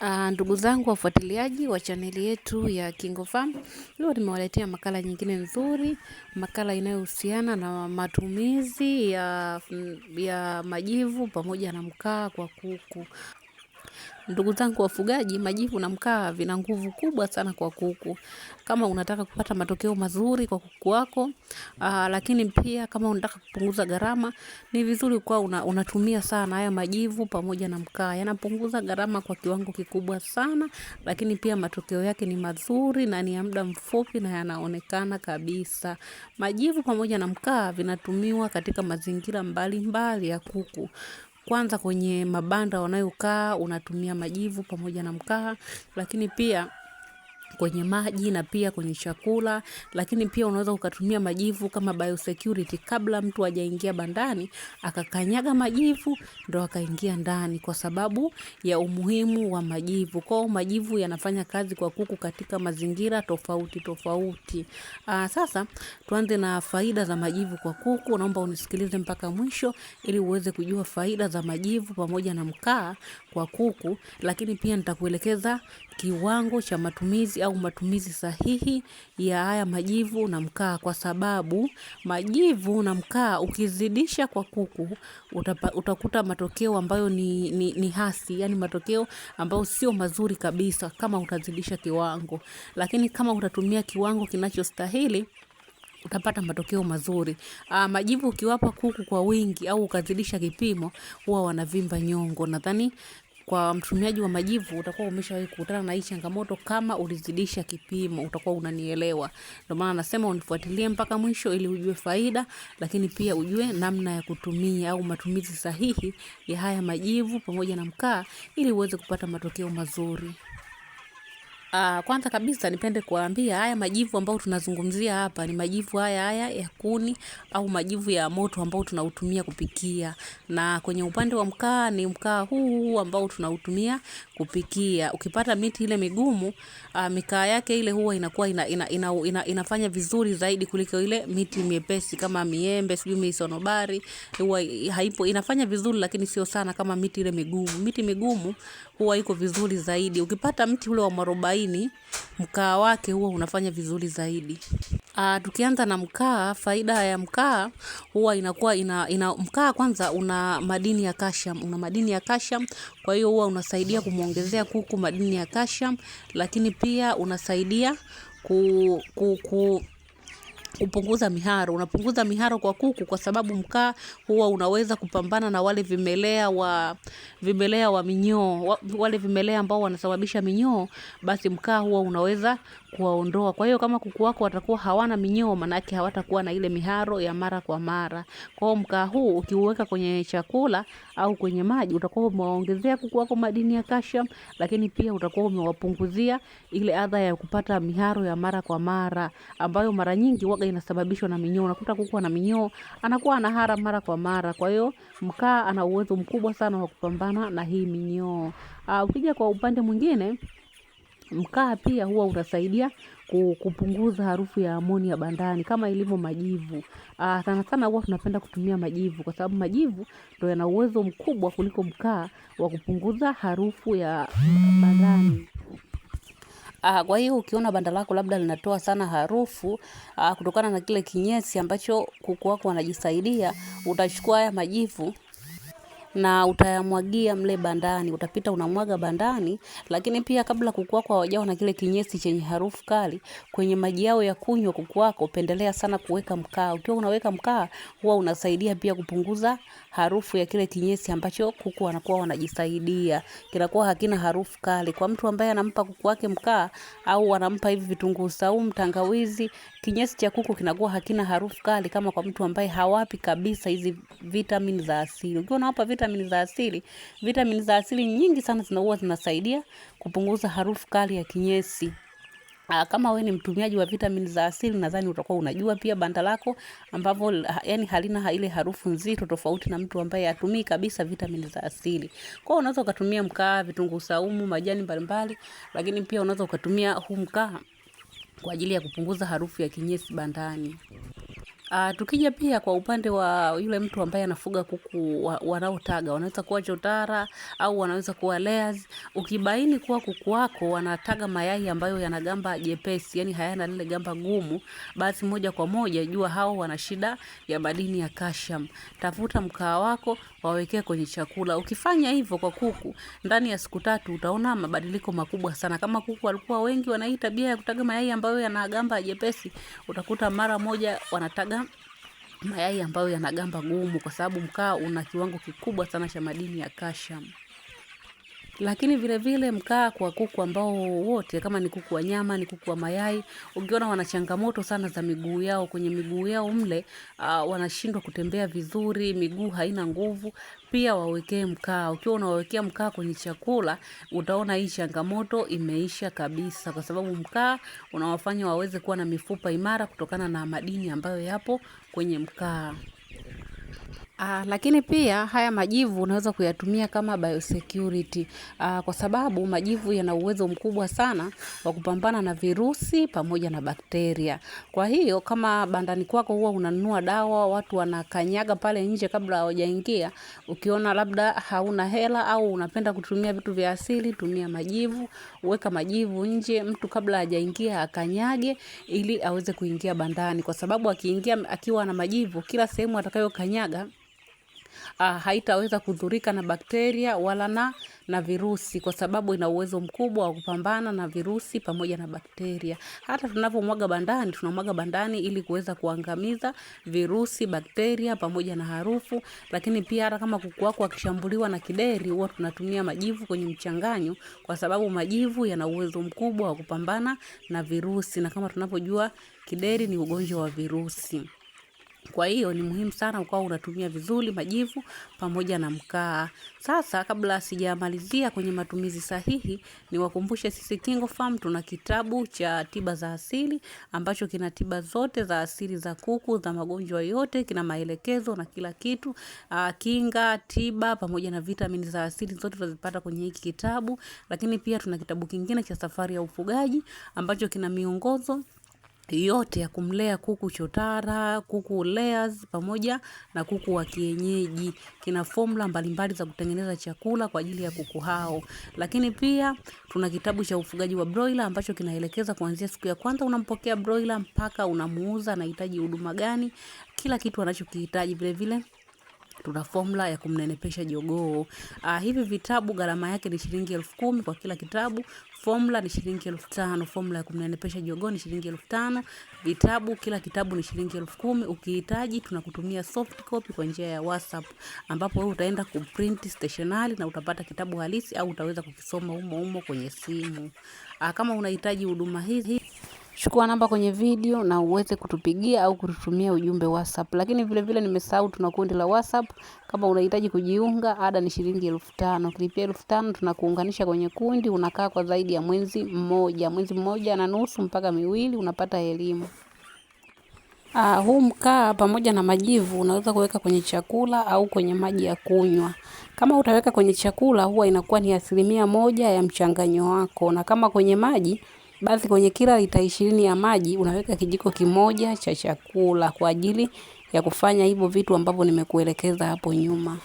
Uh, ndugu zangu wafuatiliaji wa chaneli yetu ya Kingo Farm, leo nimewaletea makala nyingine nzuri, makala inayohusiana na matumizi ya, ya majivu pamoja na mkaa kwa kuku. Ndugu zangu wafugaji, majivu na mkaa vina nguvu kubwa sana kwa kuku. Kama unataka kupata matokeo mazuri kwa kuku wako, aa, ah, lakini pia kama unataka kupunguza gharama, ni vizuri kwa una, unatumia sana haya majivu pamoja na mkaa. Yanapunguza gharama kwa kiwango kikubwa sana, lakini pia matokeo yake ni mazuri na ni ya muda mfupi na yanaonekana kabisa. Majivu pamoja na mkaa vinatumiwa katika mazingira mbalimbali mbali ya kuku. Kwanza kwenye mabanda wanayokaa unatumia majivu pamoja na mkaa, lakini pia kwenye maji na pia kwenye chakula, lakini pia unaweza ukatumia majivu kama biosecurity. Kabla mtu hajaingia bandani, akakanyaga majivu ndo akaingia ndani, kwa sababu ya umuhimu wa majivu. Kwa hiyo majivu yanafanya kazi kwa kuku katika mazingira tofauti tofauti. Aa, ah, sasa tuanze na faida za majivu kwa kuku. Naomba unisikilize mpaka mwisho ili uweze kujua faida za majivu pamoja na mkaa kwa kuku, lakini pia nitakuelekeza kiwango cha matumizi matumizi au matumizi sahihi ya haya majivu na mkaa, kwa sababu majivu na mkaa ukizidisha kwa kuku utapa, utakuta matokeo ambayo ni, ni, ni hasi, yani matokeo ambayo sio mazuri kabisa kama utazidisha kiwango, lakini kama utatumia kiwango kinachostahili utapata matokeo mazuri. Aa, ah, majivu ukiwapa kuku kwa wingi au ukazidisha kipimo huwa wanavimba nyongo. Nadhani kwa mtumiaji wa majivu utakuwa umeshawahi kukutana na hii changamoto. Kama ulizidisha kipimo, utakuwa unanielewa. Ndio maana nasema unifuatilie mpaka mwisho, ili ujue faida, lakini pia ujue namna ya kutumia au matumizi sahihi ya haya majivu pamoja na mkaa, ili uweze kupata matokeo mazuri. Uh, kwanza kabisa nipende kuwaambia haya majivu ambayo tunazungumzia hapa ni majivu haya haya ya kuni au majivu ya moto ambayo tunautumia kupikia. Na kwenye upande wa mkaa ni mkaa huu huu ambao tunautumia kupikia. Ukipata miti ile migumu, uh, mikaa yake ile huwa inakuwa ina, ina, ina, ina, inafanya vizuri zaidi kuliko ile miti miepesi kama miembe, sijui misonobari, huwa haipo inafanya vizuri lakini sio sana kama miti ile migumu. Miti migumu huwa iko vizuri zaidi. Ukipata mti ule wa mwarobaini laini, mkaa wake huwa unafanya vizuri zaidi. Uh, tukianza na mkaa, faida ya mkaa huwa inakuwa ina, ina mkaa kwanza una madini ya calcium, una madini ya calcium, kwa hiyo huwa unasaidia kumuongezea kuku madini ya calcium, lakini pia unasaidia ku, ku, ku kupunguza miharo. Unapunguza miharo kwa kuku kwa sababu mkaa huwa unaweza kupambana na wale vimelea wa vimelea wa minyoo, wale vimelea ambao wanasababisha minyoo, basi mkaa huwa unaweza kuwaondoa. Kwa hiyo kama kuku wako watakuwa hawana minyoo, maana yake hawatakuwa na ile miharo ya mara kwa mara. Kwa hiyo mkaa huu ukiuweka kwenye chakula au kwenye maji, utakuwa umewaongezea kuku wako madini ya calcium, lakini pia utakuwa umewapunguzia ile adha ya kupata miharo ya mara kwa mara ambayo mara nyingi waga labda inasababishwa na minyoo. Unakuta kuku ana minyoo, anakuwa anahara mara kwa mara. Kwa hiyo mkaa ana uwezo mkubwa sana wa kupambana na hii minyoo. Ah, ukija kwa upande mwingine, mkaa pia huwa unasaidia kupunguza harufu ya amonia bandani kama ilivyo majivu. Aa, ah, sana sana huwa tunapenda kutumia majivu kwa sababu majivu ndio yana uwezo mkubwa kuliko mkaa wa kupunguza harufu ya bandani. Aa, ah, kwa hiyo ukiona banda lako labda linatoa sana harufu aa, ah, kutokana na kile kinyesi ambacho kuku wako wanajisaidia, utachukua haya majivu na utayamwagia mle bandani, utapita unamwaga bandani. Lakini pia kabla kuku wako hawajawa na kile kinyesi chenye harufu kali kwenye maji yao ya kunywa, kuku wako pendelea sana kuweka mkaa. Ukiwa unaweka mkaa, huwa unasaidia pia kupunguza harufu ya kile kinyesi ambacho kuku wanakuwa wanajisaidia, kinakuwa hakina harufu kali. Kwa mtu ambaye anampa kuku wake mkaa au anampa hivi vitunguu saumu, tangawizi, kinyesi cha kuku kinakuwa hakina harufu kali kama kwa mtu ambaye hawapi kabisa hizi vitamini za asili. Ukiwa unawapa vitamini vitamini za asili. Vitamini za asili nyingi sana zinakuwa zinasaidia kupunguza harufu kali ya kinyesi. Ah, kama wewe ni mtumiaji wa vitamini za asili, nadhani utakuwa unajua pia banda lako ambapo yani halina ile harufu nzito, tofauti na mtu ambaye hatumii kabisa vitamini za asili. Kwa hiyo unaweza ukatumia mkaa, vitunguu saumu, majani mbalimbali, lakini pia unaweza ukatumia huu mkaa kwa ajili ya kupunguza harufu ya kinyesi bandani. Uh, tukija pia kwa upande wa yule mtu ambaye anafuga kuku wanaotaga, wanaweza kuwa chotara au wanaweza kuwa layers. Ukibaini kuwa kuku wako wanataga mayai ambayo yana gamba jepesi, yani hayana lile gamba gumu, basi moja kwa moja jua hao wana shida ya madini ya calcium. Tafuta mkaa wako wawekee kwenye chakula. Ukifanya hivyo kwa kuku, ndani ya siku tatu utaona mabadiliko makubwa sana. Kama kuku walikuwa wengi wana hii tabia ya kutaga mayai ambayo yana gamba jepesi, utakuta mara moja wanataga mayai ambayo yanagamba gumu, kwa sababu mkaa una kiwango kikubwa sana cha madini ya kashamu. Lakini vile vile mkaa kwa kuku ambao wote kama ni kuku wa nyama, ni kuku wa mayai, ukiona wana changamoto sana za miguu yao, kwenye miguu yao mle, uh, wanashindwa kutembea vizuri, miguu haina nguvu, pia wawekee mkaa. Ukiwa unawawekea mkaa kwenye chakula, utaona hii changamoto imeisha kabisa, kwa sababu mkaa unawafanya waweze kuwa na mifupa imara kutokana na madini ambayo yapo kwenye mkaa. Aa, ah, lakini pia haya majivu unaweza kuyatumia kama biosecurity. Aa, ah, kwa sababu majivu yana uwezo mkubwa sana wa kupambana na virusi pamoja na bakteria. Kwa hiyo kama bandani kwako huwa unanunua dawa, watu wanakanyaga pale nje kabla hawajaingia, ukiona labda hauna hela au unapenda kutumia vitu vya asili, tumia majivu, weka majivu nje, mtu kabla hajaingia akanyage ili aweze kuingia bandani, kwa sababu akiingia akiwa na majivu, kila sehemu atakayokanyaga uh, haitaweza kudhurika na bakteria wala na, na virusi kwa sababu ina uwezo mkubwa wa kupambana na virusi pamoja na bakteria. Hata tunavyomwaga bandani, tunamwaga bandani ili kuweza kuangamiza virusi, bakteria pamoja na harufu. Lakini pia hata kama kuku wako akishambuliwa na kideri, huwa tunatumia majivu kwenye mchanganyo, kwa sababu majivu yana uwezo mkubwa wa kupambana na virusi, na kama tunavyojua kideri ni ugonjwa wa virusi. Kwa hiyo ni muhimu sana ukawa unatumia vizuri majivu pamoja na mkaa. Sasa kabla sijamalizia kwenye matumizi sahihi, niwakumbushe sisi Kingo Farm tuna kitabu cha tiba za asili ambacho kina tiba zote za asili za kuku, za magonjwa yote, kina maelekezo na kila kitu, ah, kinga, tiba pamoja na vitamini za asili zote tunazipata kwenye hiki kitabu. Lakini pia tuna kitabu kingine cha safari ya ufugaji ambacho kina miongozo yote ya kumlea kuku chotara, kuku layers pamoja na kuku wa kienyeji. Kina formula mbalimbali za kutengeneza chakula kwa ajili ya kuku hao. Lakini pia tuna kitabu cha ufugaji wa broiler ambacho kinaelekeza kuanzia siku ya kwanza unampokea broiler mpaka unamuuza, anahitaji huduma gani, kila kitu anachokihitaji vile vile tuna formula ya kumnenepesha jogoo. Uh, hivi vitabu gharama yake ni shilingi elfu kumi kwa kila kitabu. Formula ni shilingi elfu tano. Formula ya kumnenepesha jogoo ni shilingi elfu tano. Vitabu kila kitabu ni shilingi elfu kumi. Ukihitaji tunakutumia soft copy kwa njia ya WhatsApp, ambapo wewe utaenda kuprint stationery na utapata kitabu halisi, au utaweza kukisoma humo humo kwenye simu. Uh, kama unahitaji huduma hizi Chukua namba kwenye video na uweze kutupigia au kututumia ujumbe WhatsApp. Lakini vile vile nimesahau tuna kundi la WhatsApp. Kama unahitaji kujiunga, ada ni shilingi elfu tano. Ukilipia elfu tano tunakuunganisha kwenye kundi, unakaa kwa zaidi ya mwezi mmoja, mwezi mmoja na nusu mpaka miwili, unapata elimu. Ah, huu mkaa pamoja na majivu unaweza kuweka kwenye chakula au kwenye maji ya kunywa. Kama utaweka kwenye chakula huwa inakuwa ni asilimia moja ya mchanganyo wako, na kama kwenye maji basi kwenye kila lita ishirini ya maji unaweka kijiko kimoja cha chakula kwa ajili ya kufanya hivyo vitu ambavyo nimekuelekeza hapo nyuma.